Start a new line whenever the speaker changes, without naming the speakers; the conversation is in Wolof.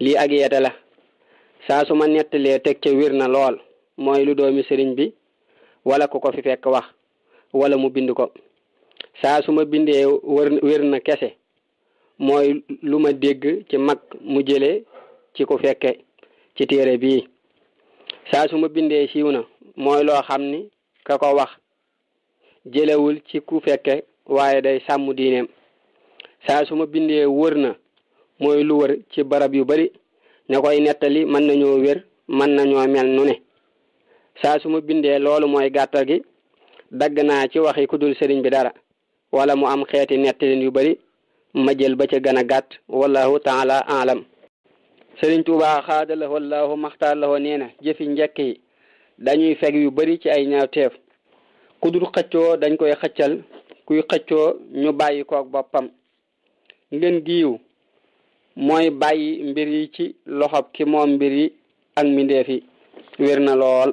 lii ak yeete la saa su ma nettalee teg ca wir na lool mooy lu doomi sëriñ bi walla ku ko fi fekk wax walla mu bind ko saa su ma bindee wër wér na kese mooy lu ma dégg ci mag mu jële ci ku fekke ci téere bi saa su ma bindee siiw na mooy loo xam ni ka ko wax jëlewul ci ku fekke waaye day sàmm diineem saa su ma bindee wër na mooy lu wër ci barab yu bari ne koy nettali mën nañoo wér mën nañoo mel nu ne saa su ma bindee loolu mooy gàttal gi dagg naa ci waxi kudul sëriñ bi dara wala mu am xeeti nettalin yu bari ma jël ba ca gën a gàtt wallahu taala alam sëriñ tuubaa xaadalahu allahu maxtaarlahu nee na jëfi njekk yi dañuy feg yu bari ci ay ñaawteef ku dul xëccoo dañ koy xëccal kuy xëccoo ñu bàyyi koog boppam ngeen giiw mooy bàyyi mbir yi ci loxob ki moom mbir yi ak mbindeef yi wér na lool